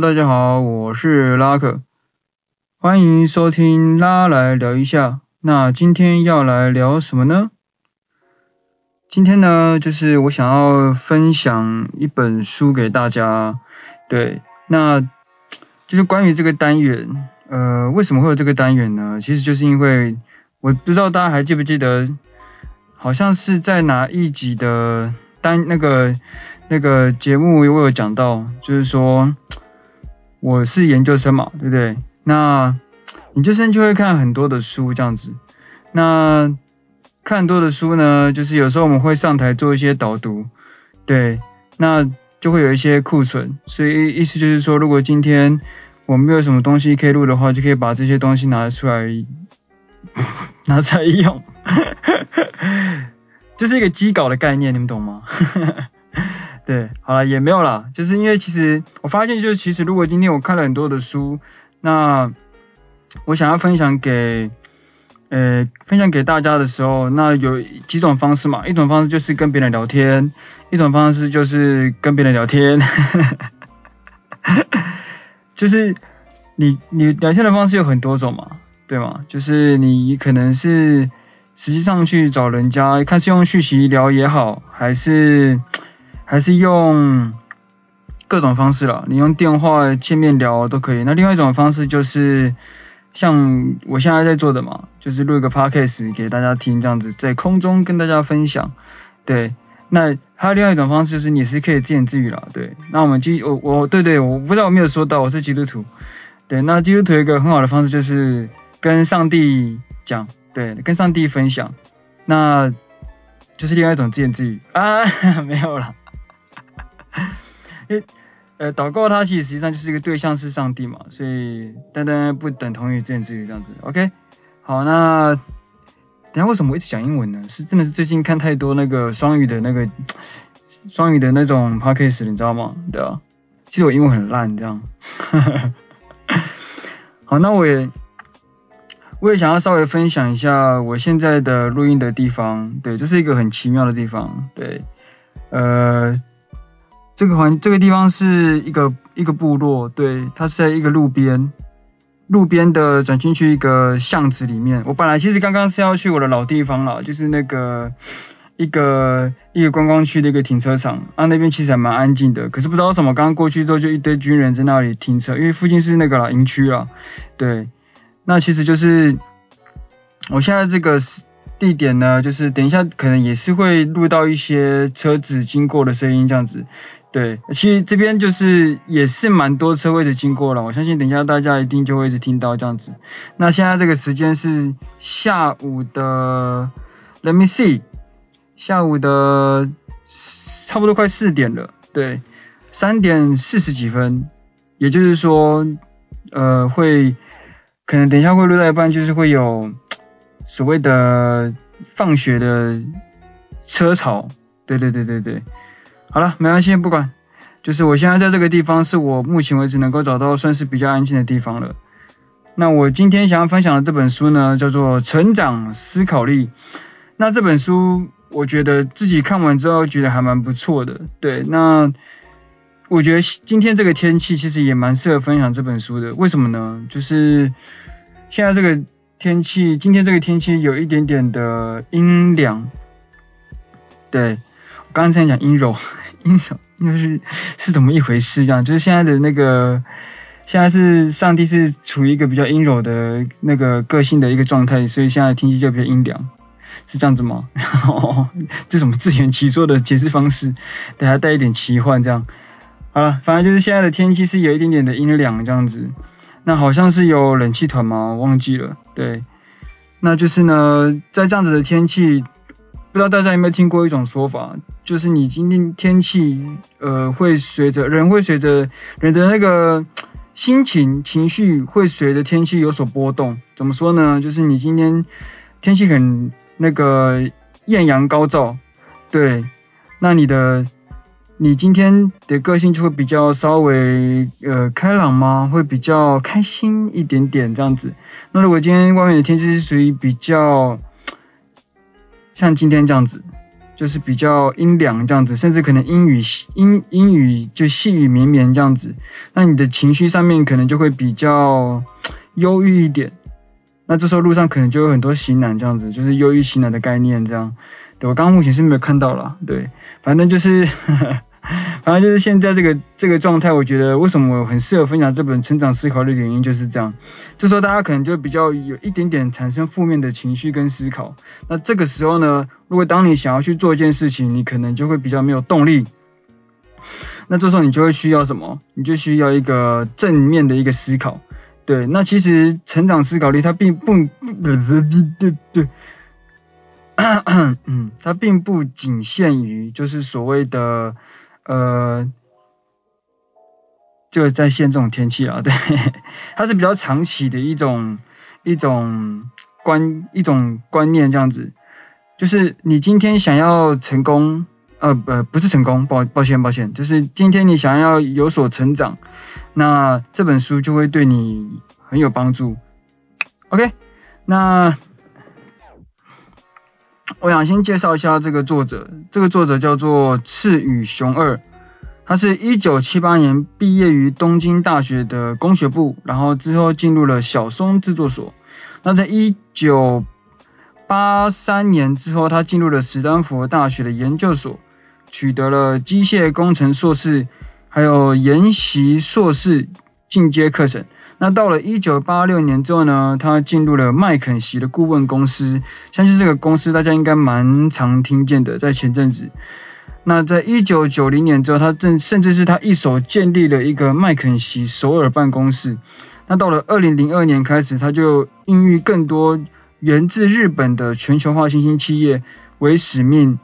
大家好，我是拉克，歡迎收聽拉來聊一下。那今天要來聊什麼呢？今天呢，就是我想要分享一本書給大家。對，那就是關於這個單元。呃，為什麼會有這個單元呢？其實就是因為我不知道大家還記不記得，好像是在哪一集的單那個那個節目我有講到，就是說。我是研究生嘛，對不對？那研究生就會看很多的書這樣子。那看多的書呢，就是有時候我們會上台做一些導讀，對。那就會有一些庫存，所以意思就是說，如果今天我們沒有什麼東西可以錄的話，就可以把這些東西拿出來 拿出來用， 就是一個積稿的概念，你們懂嗎？ 對，好了也沒有啦，就是因為其實我發現，就是其實如果今天我看了很多的書，那我想要分享給呃分享給大家的時候，那有幾種方式嘛？一種方式就是跟別人聊天，一種方式就是跟別人聊天， 就是你你聊天的方式有很多種嘛，對嗎？就是你可能是實際上去找人家，看是用訊息聊也好，還是。還是用各種方式了，你用電話、見面聊都可以。那另外一種方式就是像我現在在做的嘛，就是錄一個 podcast 給大家聽，這樣子在空中跟大家分享。對，那還有另外一種方式就是你是可以自言自語了。對，那我們基、哦、我我對對，我不知道我沒有說到我是基督徒。對，那基督徒有一個很好的方式就是跟上帝講，對，跟上帝分享，那就是另外一種自言自語啊，沒有了。哎、 欸，呃，禱告它其實實際上就是一個對象是上帝嘛，所以單單不等同於這樣子，OK？好，那等一下為什麼我一直講英文呢？是真的是最近看太多那個雙語的那個雙語的那種 podcast，你知道嗎？對啊，其實我英文很爛這樣。 好，那我也我也想要稍微分享一下我現在的錄音的地方，對，這是一個很奇妙的地方，對，呃。這個環，這個地方是一個一個部落，對，它是在一個路邊，路邊的轉進去一個巷子裡面。我本來其實剛剛是要去我的老地方啦，就是那個一個一個觀光區的一個停車場。啊，那邊其實還蠻安靜的，可是不知道為什怎麼，剛剛過去之後就一堆軍人在那裡停車，因為附近是那個了營區啊。對，那其實就是我現在這個地點呢，就是等一下可能也是會錄到一些車子經過的聲音這樣子。對，其實這邊就是也是蠻多車位的經過了，我相信等一下大家一定就會一直聽到這樣子。那現在這個時間是下午的，Let me see，下午的差不多快四點了，對，三點四十幾分，也就是說，呃，會可能等一下會錄到一半，就是會有所謂的放學的車潮，對對對對對。好了，沒關係，不管，就是我現在在這個地方是我目前為止能夠找到算是比較安靜的地方了。那我今天想要分享的這本書呢，叫做《成長思考力》。那這本書我覺得自己看完之後覺得還蠻不錯的。對，那我覺得今天這個天氣其實也蠻適合分享這本書的。為什麼呢？就是現在這個天氣，今天這個天氣有一點點的陰涼。對，我剛才講陰柔。陰柔，那 是，樂是怎麼一回事這樣？就是現在的那個，現在是上帝是處於一個比較陰柔的那個個性的一個狀態，所以現在天氣就比較陰涼，是這樣子嗎？ 這種自圓其說的解釋方式，還帶一,一點奇幻這樣。好了，反正就是現在的天氣是有一點點的陰涼這樣子，那好像是有冷氣團嗎？我忘記了。對，那就是呢，在這樣子的天氣。不知道大家有沒有聽過一種說法，就是你今天天氣，呃，會隨着人會隨着人的那個心情、情緒會隨着天氣有所波動。怎麼說呢？就是你今天天氣很那個艷陽高照，對，那你的你今天的個性就會比較稍微呃開朗嗎？會比較開心一點點這樣子。那如果今天外面的天氣是屬於比較……像今天這樣子，就是比較陰涼這樣子，甚至可能陰雨陰陰雨就細雨綿綿這樣子，那你的情緒上面可能就會比較憂鬱一點。那這時候路上可能就有很多型男這樣子，就是憂鬱型男的概念這樣。對，我剛目前是沒有看到了，對，反正就是。呵呵反正就是現在這個這個狀態，我覺得為什麼我很適合分享這本成長思考的原因就是這樣。這時候大家可能就比較有一點點產生負面的情緒跟思考。那這個時候呢，如果當你想要去做一件事情，你可能就會比較沒有動力。那這時候你就會需要什麼？你就需要一個正面的一個思考。對，那其實成長思考力它並不，對， 嗯，它並不僅限於就是所謂的。呃，就在現這種天氣啊，對， 它是比較長期的一種一種觀一種觀念這樣子，就是你今天想要成功，呃不、呃，不是成功，抱抱歉抱歉，就是今天你想要有所成長，那這本書就會對你很有幫助。OK，那。我想先介紹一下這個作者，這個作者叫做赤羽雄二，他是一九七八年畢業於東京大學的工學部，然後之後進入了小松製作所。那在一九八三年之後，他進入了史丹佛大學的研究所，取得了機械工程碩士，還有研習碩士進階課程。那到了一九八六年之後呢，他進入了麥肯錫的顧問公司。相信這個公司大家應該蠻常聽見的，在前陣子。那在一九九零年之後，他正甚至是他一手建立了一個麥肯錫首爾辦公室。那到了二零零二年開始，他就孕育更多源自日本的全球化新興企業為使命，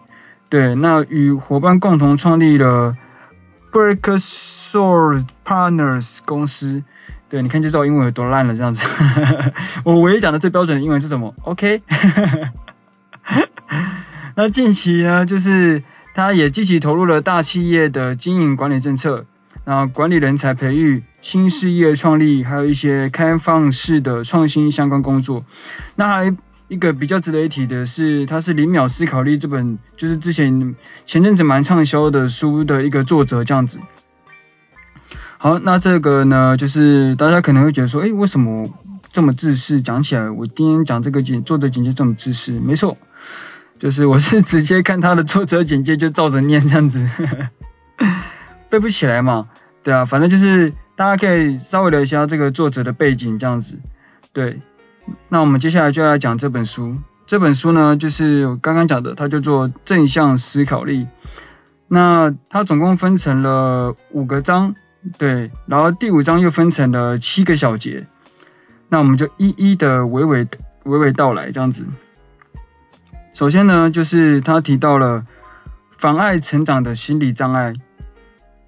對，那與夥伴共同創立了 Breakthrough Partners 公司。對，你看就知道英文有多爛了，這樣子。 我唯一講的最標準的英文是什麼？OK。 那近期呢，就是他也積極投入了大企業的經營管理政策，然後管理人才培育、新事業創立，還有一些開放式的創新相關工作。那還一個比較值得一提的是，他是《零秒思考力》這本就是之前前陣子蠻暢銷的書的一個作者，這樣子。好，那這個呢，就是大家可能會覺得說，哎、欸，為什麼這麼自私？講起來，我今天講這個景，作者簡介這麼自私？沒錯，就是我是直接看他的作者簡介就照着唸這樣子呵呵，背不起來嘛，對啊，反正就是大家可以稍微了解一下這個作者的背景這樣子。對，那我們接下來就要講這本書，這本書呢，就是我剛剛講的，它叫做《正向思考力》，那它總共分成了五個章。對，然後第五章又分成了七個小節，那我們就一一的娓娓娓娓道來這樣子。首先呢，就是他提到了妨礙成長的心理障礙，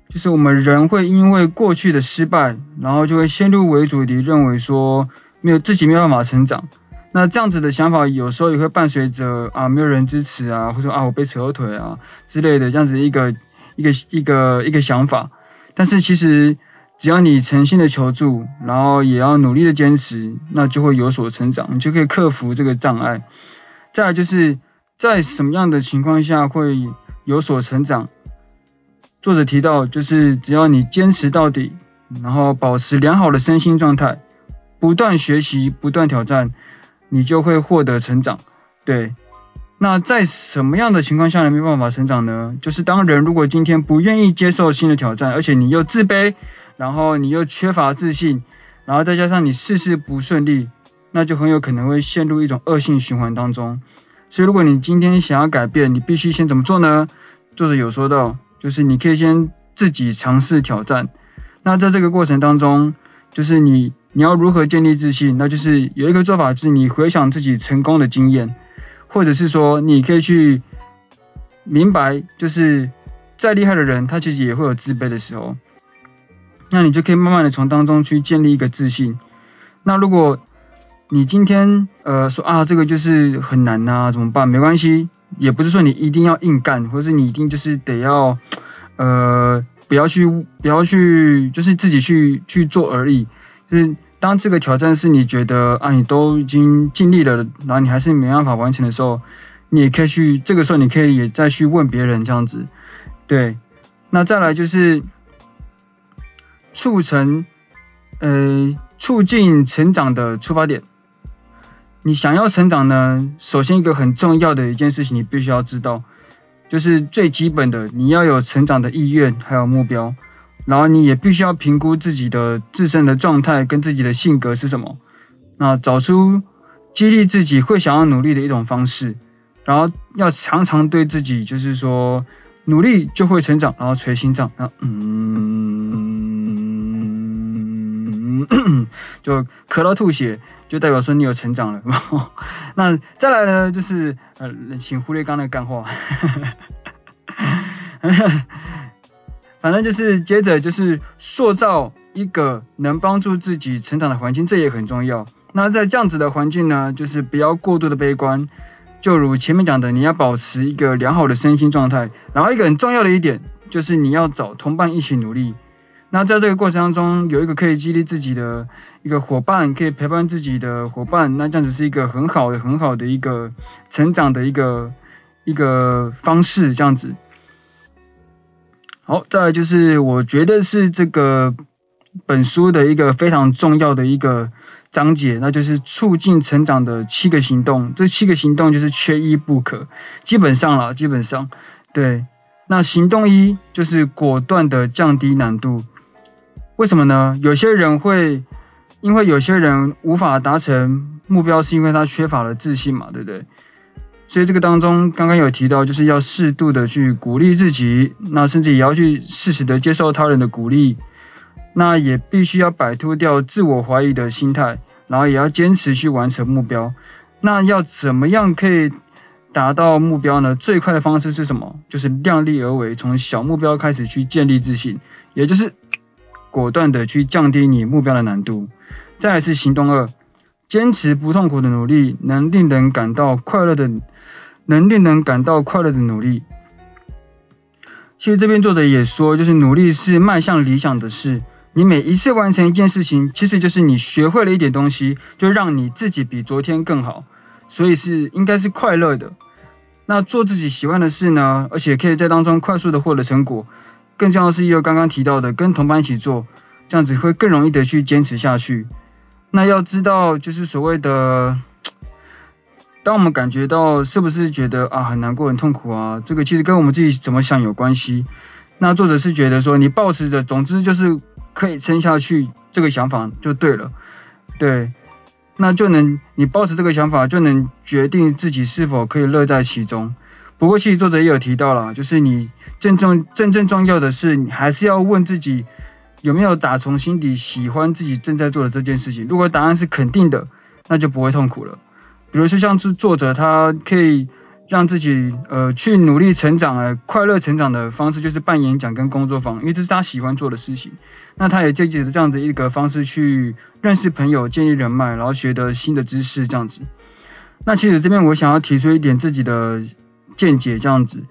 就是我們人會因為過去的失敗，然後就會先入為主地認為說，沒有自己沒有辦法成長。那這樣子的想法有時候也會伴隨着啊沒有人支持啊，或者說啊我被扯後腿啊之類的這樣子一個一個一個一個，一個想法。但是其實，只要你誠心的求助，然後也要努力的堅持，那就會有所成長，你就可以克服這個障礙。再來就是，在什麼樣的情況下會有所成長？作者提到，就是只要你堅持到底，然後保持良好的身心狀態，不斷學習，不斷挑戰，你就會獲得成長。對。那在什麼樣的情況下你沒辦法成長呢？就是當人如果今天不願意接受新的挑戰，而且你又自卑，然後你又缺乏自信，然後再加上你事事不順利，那就很有可能會陷入一種惡性循環當中。所以如果你今天想要改變，你必須先怎麼做呢？作者有說到，就是你可以先自己嘗試挑戰。那在這個過程當中，就是你你要如何建立自信？那就是有一個做法是，你回想自己成功的經驗。或者是說，你可以去明白，就是再厲害的人，他其實也會有自卑的時候。那你就可以慢慢的從當中去建立一個自信。那如果你今天，呃，說啊，這個就是很難呐、啊，怎麼辦？沒關係，也不是說你一定要硬幹，或者是你一定就是得要，呃，不要去，不要去，就是自己去去做而已。就是當這個挑戰是你覺得啊，你都已經盡力了，然後你還是沒辦法完成的時候，你也可以去這個時候，你可以也再去問別人這樣子，對。那再來就是促成呃，促進成長的出發點。你想要成長呢，首先一個很重要的一件事情，你必須要知道，就是最基本的你要有成長的意願還有目標。然後你也必須要評估自己的自身的狀態跟自己的性格是什麼，那找出激勵自己會想要努力的一種方式，然後要常常對自己就是說努力就會成長，然後捶心臟，然後嗯，嗯，嗯咳咳，就咳到吐血，就代表說你有成長了。然後那再來呢，就是呃，請忽略剛剛的幹話。呵呵反正就是接着就是塑造一個能幫助自己成長的環境，這也很重要。那在這樣子的環境呢，就是不要過度的悲觀。就如前面講的，你要保持一個良好的身心狀態。然後一個很重要的一點，就是你要找同伴一起努力。那在這個過程當中，有一個可以激勵自己的一個夥伴，可以陪伴自己的夥伴，那這樣子是一個很好的、很好的一個成長的一個一個方式，這樣子。好，再來就是我覺得是這個本書的一個非常重要的一個章節，那就是促進成長的七個行動。這七個行動就是缺一不可，基本上啦，基本上，對。那行動一就是果斷的降低難度。為什麼呢？有些人會因為有些人無法達成目標，是因為他缺乏了自信嘛，對不對？所以這個當中，剛剛有提到，就是要適度的去鼓勵自己，那甚至也要去適時的接受他人的鼓勵，那也必須要擺脫掉自我懷疑的心態，然後也要堅持去完成目標。那要怎麼樣可以達到目標呢？最快的方式是什麼？就是量力而為，從小目標開始去建立自信，也就是果斷的去降低你目標的難度。再來是行動二，堅持不痛苦的努力，能令人感到快樂的。能令人感到快樂的努力。其實這邊作者也說，就是努力是邁向理想的事。你每一次完成一件事情，其實就是你學會了一點東西，就讓你自己比昨天更好。所以是應該是快樂的。那做自己喜歡的事呢？而且可以在當中快速的獲得成果。更重要的是，又剛剛提到的，跟同伴一起做，這樣子會更容易的去堅持下去。那要知道，就是所謂的。當我們感覺到，是不是覺得啊，很難過很痛苦啊，這個其實跟我們自己怎麼想有關係。那作者是覺得說你抱持着，總之就是可以撐下去這個想法就對了，對，那就能你抱持這個想法就能決定自己是否可以樂在其中。不過其實作者也有提到了，就是你真正真正重要的是你還是要問自己有沒有打從心底喜歡自己正在做的這件事情。如果答案是肯定的，那就不會痛苦了。比如說，像是作者他可以讓自己呃去努力成長，快樂成長的方式就是辦演講跟工作坊，因為這是他喜歡做的事情。那他也借着這樣的一個方式去認識朋友、建立人脈，然後學得新的知識這樣子。那其實這邊我想要提出一點自己的見解，這樣子，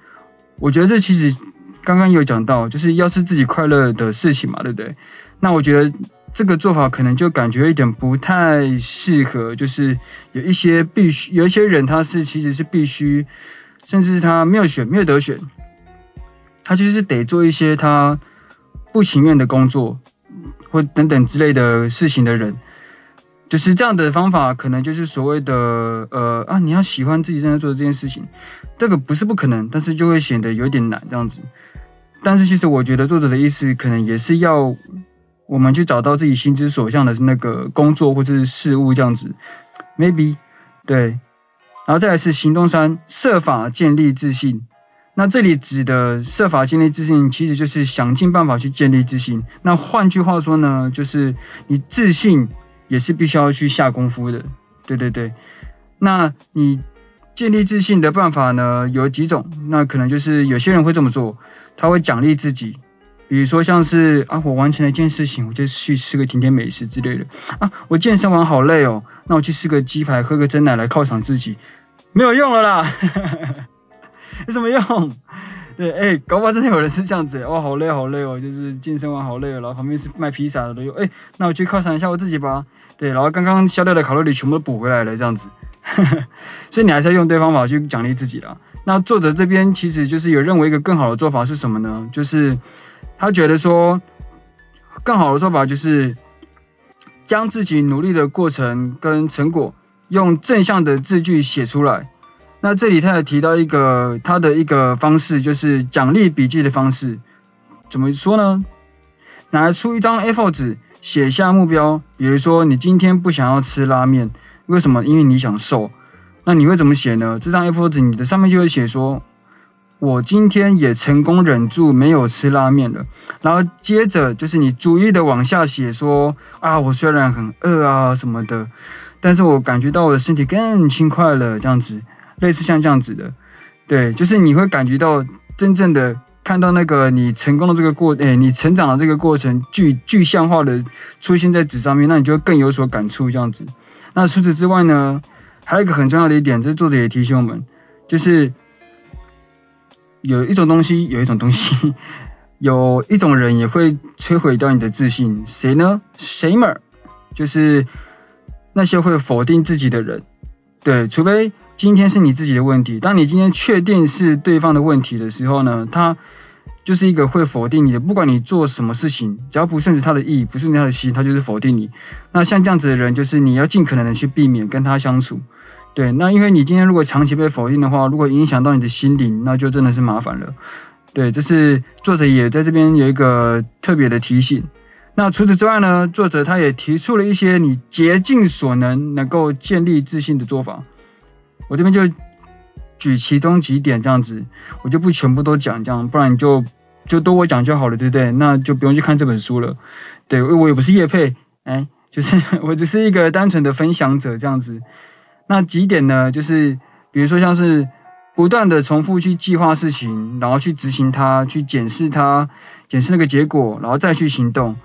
我覺得這其實剛剛有講到，就是要是自己快樂的事情嘛，對不對？那我覺得。這個做法可能就感覺有點不太適合，就是有一些必須有一些人他是其實是必須，甚至他沒有選沒有得選，他就是得做一些他不情願的工作或等等之類的事情的人，就是這樣的方法可能就是所謂的呃啊你要喜歡自己正在做的這件事情，這個不是不可能，但是就會顯得有點難這樣子，但是其實我覺得作者的意思可能也是要。我們去找到自己心之所向的那個工作或者是事物這樣子，maybe，對，然後再來是行動三，設法建立自信。那這裡指的設法建立自信，其實就是想盡辦法去建立自信。那換句話說呢，就是你自信也是必須要去下功夫的，對對對。那你建立自信的辦法呢，有幾種，那可能就是有些人會這麼做，他會獎勵自己。比如說像是啊我完成了一件事情，我就去吃個甜甜美食之類的啊。我健身完好累哦，那我去吃個雞排，喝個珍奶來犒賞自己，沒有用了啦，有 什麼用？對，哎、欸，搞不好真的有人是這樣子、欸，哇，好累好累哦，就是健身完好累哦，然後旁邊是賣披薩的都有，誒、欸、那我去犒賞一下我自己吧。對，然後剛剛消掉的卡路里全部補回來了這樣子， 所以你還是要用對方法去獎勵自己啦。那作者這邊其實就是有認為一個更好的做法是什麼呢？就是。他覺得說，更好的做法就是將自己努力的過程跟成果用正向的字句寫出來。那這裡他也提到一個他的一個方式，就是獎勵筆記的方式。怎麼說呢？拿出一張 A4 紙，寫下目標，比如說你今天不想要吃拉麵，為什麼？因為你想瘦。那你會怎麼寫呢？這張 A4 紙你的上面就會寫說。我今天也成功忍住沒有吃拉麵了，然後接着就是你逐一的往下寫說，說啊，我雖然很餓啊什麼的，但是我感覺到我的身體更輕快了，這樣子，類似像這樣子的，對，就是你會感覺到真正的看到那個你成功的這個過，誒，你成長的這個過程具具象化的出現在紙上面，那你就更有所感觸這樣子。那除此之外呢，還有一個很重要的一點，這作者也提醒我們，就是。有一種東西，有一種東西，有一種人也會摧毀掉你的自信。誰呢？Shamer，就是那些會否定自己的人。對，除非今天是你自己的問題。當你今天確定是對方的問題的時候呢，他就是一個會否定你的。不管你做什麼事情，只要不順着他的意，不順着他的心，他就是否定你。那像這樣子的人，就是你要盡可能的去避免跟他相處。對，那因為你今天如果長期被否定的話，如果影響到你的心靈，那就真的是麻煩了。對，這是作者也在這邊有一個特別的提醒。那除此之外呢，作者他也提出了一些你竭盡所能能夠建立自信的做法。我這邊就舉其中幾點這樣子，我就不全部都講這樣，不然你就就都我講就好了，對不對？那就不用去看這本書了。對，我也不是業配，哎，就是我只是一個單純的分享者這樣子。那幾點呢？就是比如說像是不斷的重複去計劃事情，然後去執行它，去檢視它，檢視那個結果，然後再去行動，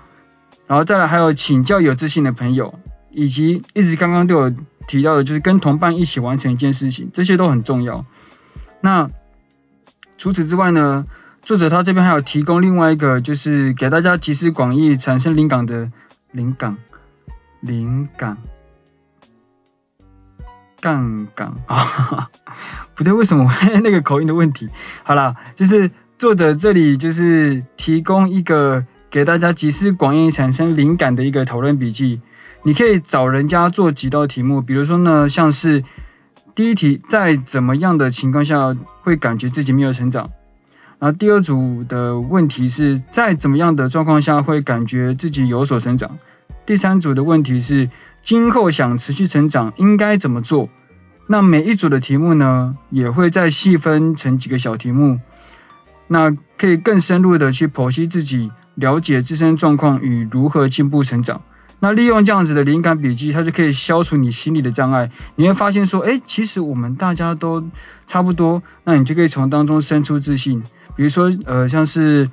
然後再來還有請教有自信的朋友，以及一直剛剛都有提到的，就是跟同伴一起完成一件事情，這些都很重要。那除此之外呢，作者他這邊還有提供另外一個，就是給大家集思廣益，產生靈感的靈感靈感，槓桿啊呵呵，不對，為什麼 那個口音的問題？好啦，就是作者這裡就是提供一個給大家集思廣益、產生靈感的一個討論筆記。你可以找人家做幾道題目，比如說呢，像是第一題，在怎麼樣的情況下會感覺自己沒有成長？然後第二組的問題是，在怎麼樣的狀況下會感覺自己有所成長？第三組的問題是，今後想持續成長應該怎麼做？那每一組的題目呢，也會再細分成幾個小題目，那可以更深入的去剖析自己，了解自身狀況與如何進步成長。那利用這樣子的靈感筆記，它就可以消除你心理的障礙。你會發現說，誒，其實我們大家都差不多，那你就可以從當中生出自信。比如說，呃，像是。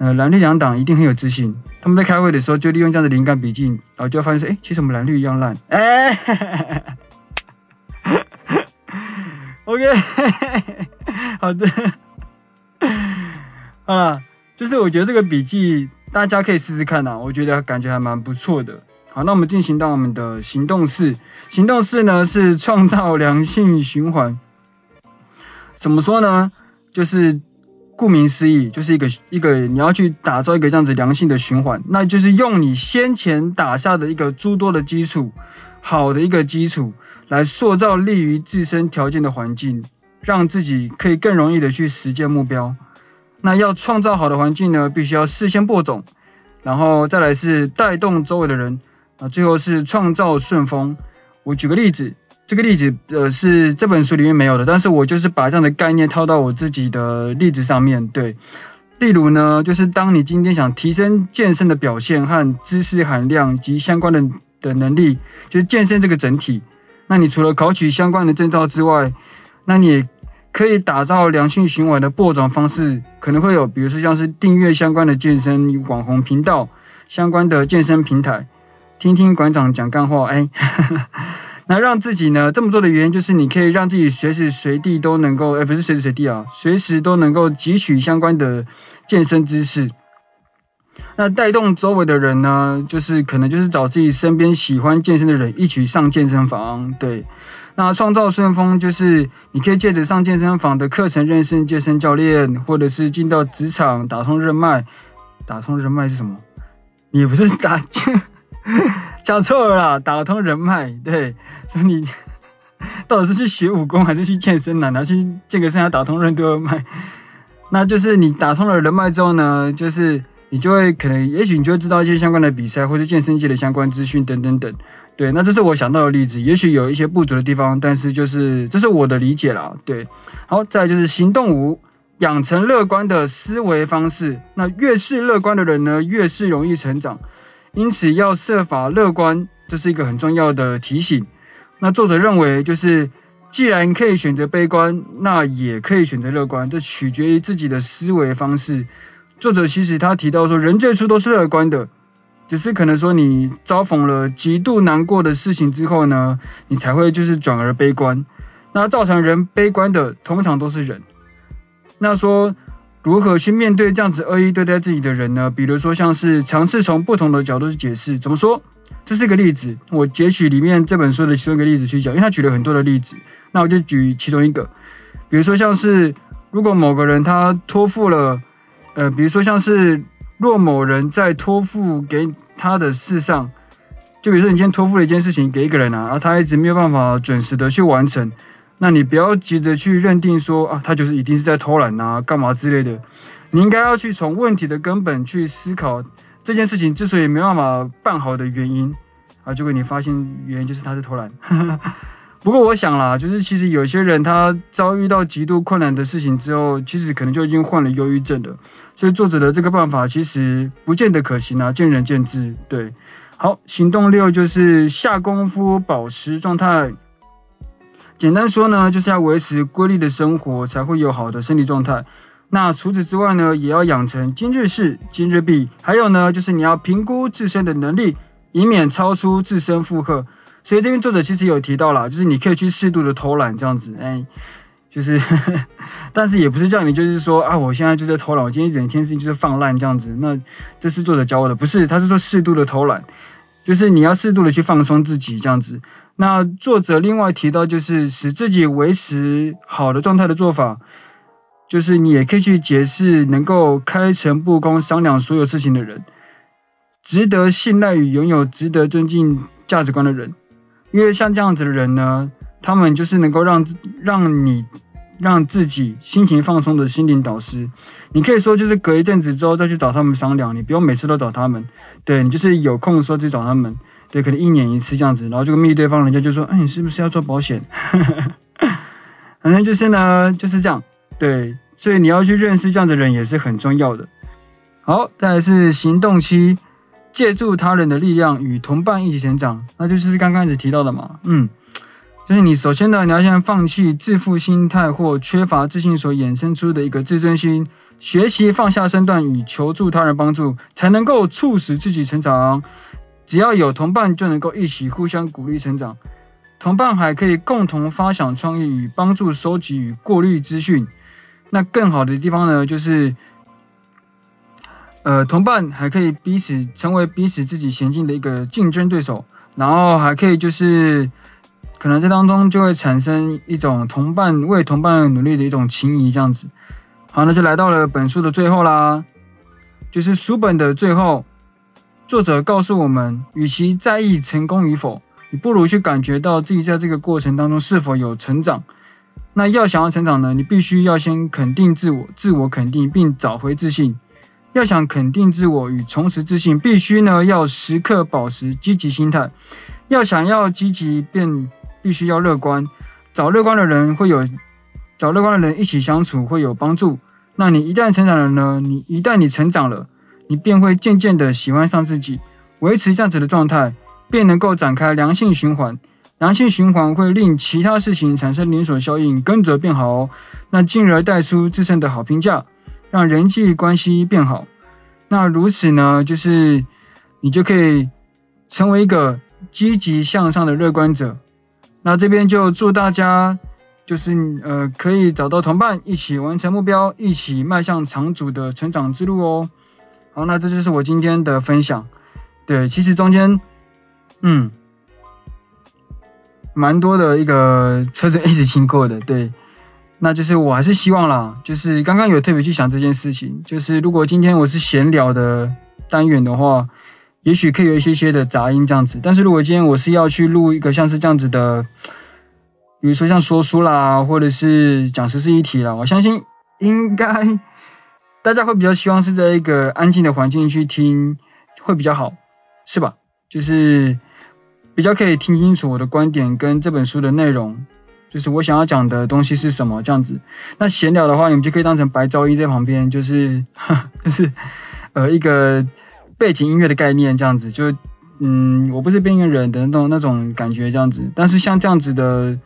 呃，藍綠兩黨一定很有自信。他們在開會的時候，就利用這樣的靈感筆記，然後就會發現誒哎、欸，其實我們藍綠一樣爛。哎，OK 好的，啊， 就是我覺得這個筆記大家可以試試看吶、啊，我覺得感覺還蠻不錯的。好，那我們進行到我們的行動式，行動式呢是創造良性循環。怎麼說呢？就是。顧名思義，就是一個一個你要去打造一個這樣子良性的循環，那就是用你先前打下的一個諸多的基礎，好的一個基礎，來塑造利於自身條件的環境，讓自己可以更容易的去實現目標。那要創造好的環境呢，必須要事先播種，然後再來是帶動周圍的人，啊，最後是創造順風。我舉個例子。這個例子呃是這本書裡面沒有的，但是我就是把這樣的概念套到我自己的例子上面對。例如呢，就是當你今天想提升健身的表現和知識含量及相關的的能力，就是健身這個整體，那你除了考取相關的證照之外，那你可以打造良性循環的播種方式，可能會有比如說像是訂閱相關的健身網紅頻道、相關的健身平台，聽聽館長講乾貨，哎。 那讓自己呢這麼做的原因就是，你可以讓自己隨時隨地都能夠，誒、欸，不是隨時隨地啊，隨時都能夠汲取相關的健身知識。那帶動周圍的人呢，就是可能就是找自己身邊喜歡健身的人一起上健身房，對。那創造順風就是，你可以借着上健身房的課程認識健身教練，或者是進到職場打通人脈。打通人脈是什麼？也不是打。 講錯了，打通人脈，對，所以你到底是去學武功還是去健身呢？然後去健個身，還打通任督二脈。那就是你打通了人脈之後呢，就是你就會可能，也許你就會知道一些相關的比賽，或是健身界的相關資訊等等等。對，那這是我想到的例子，也許有一些不足的地方，但是就是這是我的理解啦，對。好，再就是行動五，養成樂觀的思維方式。那越是樂觀的人呢，越是容易成長。因此要設法樂觀，這是一個很重要的提醒。那作者認為，就是既然可以選擇悲觀，那也可以選擇樂觀，這取決於自己的思維方式。作者其實他提到說，人最初都是樂觀的，只是可能說你遭逢了極度難過的事情之後呢，你才會就是轉而悲觀。那造成人悲觀的，通常都是人。那說。如何去面對這樣子惡意對待自己的人呢？比如說，像是嘗試從不同的角度去解釋，怎麼說？這是一個例子，我截取裡面這本書的其中一個例子去講，因為他舉了很多的例子，那我就舉其中一個，比如說像是如果某個人他託付了，呃，比如說像是若某人在託付給他的事上，就比如說你今天託付了一件事情給一個人啊，啊他一直沒有辦法準時的去完成。那你不要急着去認定說啊，他就是一定是在偷懶啊、幹嘛之類的。你應該要去從問題的根本去思考這件事情之所以沒辦法辦好的原因啊，就會你發現原因就是他是偷懶。 不過我想啦，就是其實有些人他遭遇到極度困難的事情之後，其實可能就已經患了憂鬱症了。所以作者的這個辦法其實不見得可行啊，見仁見智。對，好，行動六就是下功夫保持狀態。簡單說呢，就是要維持規律的生活，才會有好的身體狀態。那除此之外呢，也要養成今日事今日畢。還有呢，就是你要評估自身的能力，以免超出自身負荷。所以這邊作者其實有提到啦，就是你可以去適度的偷懶這樣子，哎、欸，就是呵呵，但是也不是叫你就是說啊，我現在就在偷懶，我今天一整天事情就是放爛這樣子。那這是作者教我的，不是，他是說適度的偷懶。就是你要適度的去放鬆自己，這樣子。那作者另外提到，就是使自己維持好的狀態的做法，就是你也可以去結識能夠開誠布公商量所有事情的人，值得信賴與擁有值得尊敬價值觀的人。因為像這樣子的人呢，他們就是能夠讓讓你。讓自己心情放鬆的心靈導師，你可以說就是隔一陣子之後再去找他們商量，你不用每次都找他們，對，你就是有空的時候去找他們，對，可能一年一次這樣子，然後就密對方，人家就說，誒、哎、你是不是要做保險？ 反正就是呢，就是這樣，對，所以你要去認識這樣的人也是很重要的。好，再來是行動期，借助他人的力量與同伴一起成長，那就是剛剛一直提到的嘛，嗯。就是你首先呢，你要先放棄自負心態或缺乏自信所衍生出的一個自尊心，學習放下身段與求助他人幫助，才能夠促使自己成長。只要有同伴就能夠一起互相鼓勵成長，同伴還可以共同發想創意與幫助收集與過濾資訊。那更好的地方呢，就是呃，同伴還可以彼此成為彼此自己前進的一個競爭對手，然後還可以就是。可能這當中就會產生一種同伴為同伴努力的一種情誼，這樣子。好，那就來到了本書的最後啦，就是書本的最後，作者告訴我們，與其在意成功與否，你不如去感覺到自己在這個過程當中是否有成長。那要想要成長呢，你必須要先肯定自我，自我肯定並找回自信。要想肯定自我與重拾自信，必須呢要時刻保持積極心態。要想要積極，便必須要樂觀。找樂觀的人會有，找樂觀的人一起相處會有幫助。那你一旦成長了呢，你一旦你成長了，你便會漸漸的喜歡上自己。維持這樣子的狀態，便能夠展開良性循環。良性循環會令其他事情產生連鎖效應，跟着變好哦。那進而帶出自身的好評價。讓人際關係變好，那如此呢，就是你就可以成為一個積極向上的樂觀者。那這邊就祝大家，就是呃，可以找到同伴，一起完成目標，一起邁向長足的成長之路哦。好，那這就是我今天的分享。對，其實中間，嗯，蠻多的一個車子一直經過的，對。那就是我還是希望啦，就是剛剛有特別去想這件事情，就是如果今天我是閒聊的單元的話，也許可以有一些些的雜音這樣子。但是如果今天我是要去錄一個像是這樣子的，比如說像說書啦，或者是講時事議題啦，我相信應該大家會比較希望是在一個安靜的環境去聽，會比較好，是吧？就是比較可以聽清楚我的觀點跟這本書的內容。就是我想要講的東西是什麼這樣子。那閒聊的話，你們就可以當成白噪音在旁邊，就是哈，就是呃一個背景音樂的概念這樣子。就嗯，我不是邊緣人的那種那種感覺這樣子。但是像這樣子的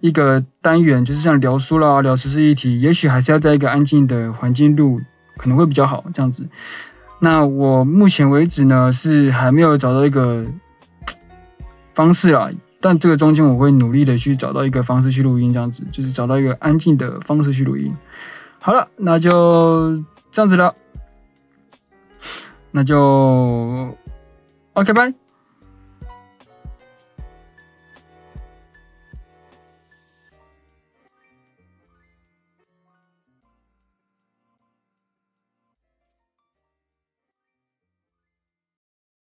一個單元，就是像聊書啦、聊時事議題，也許還是要在一個安靜的環境錄，可能會比較好這樣子。那我目前為止呢，是還沒有找到一個方式啦。但這個中間我會努力的去找到一個方式，去錄音，這樣子，就是找到一個安靜的方式去錄音。好了，那就這樣子了，那就 OK，拜。